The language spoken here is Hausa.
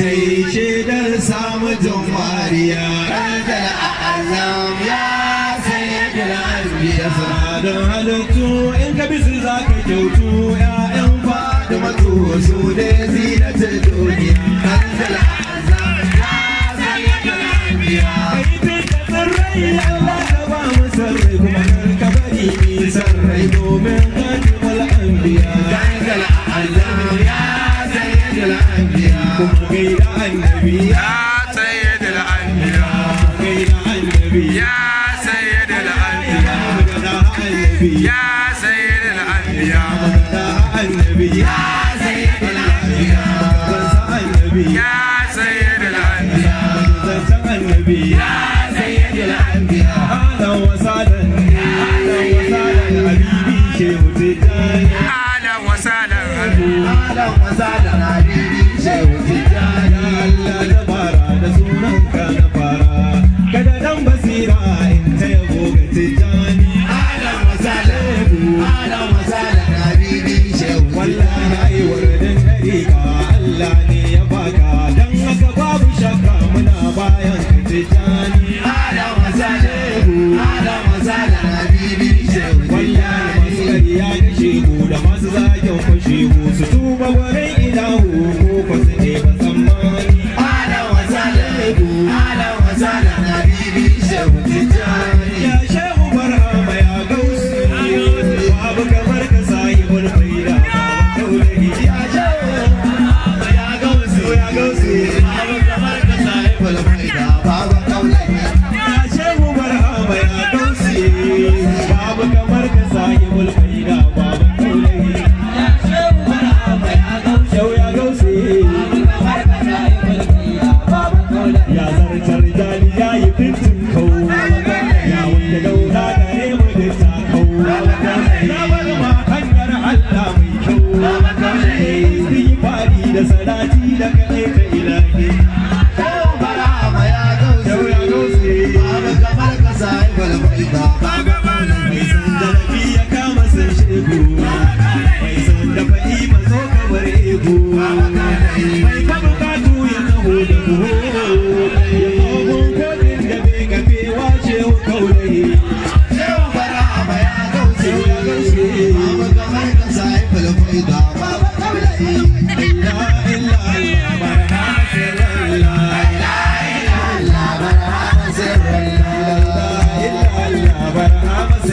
ta yi shaidar samun jumariya ƙadar azam ya sayar da albiya sahadan halittu in ka bisu za ka kyautu 'ya'yan fadimatu su da zinatar duniya gaida annabi ya annabi ya annabi ya annabi ya annabi ya annabi ya wa wa habibi wa alabu ala masala habibi shehu wallahi ai wardin dariƙa Allah ne ya baka dan haka babu shakka muna bayan ka tijani ala masala ala masala habibi shehu wallahi masu kariya da shehu da masu zagin fa shehu su tuba wurin ilahu ko fa su ne ba tsammani ala masala ala masala habibi Love, love, love,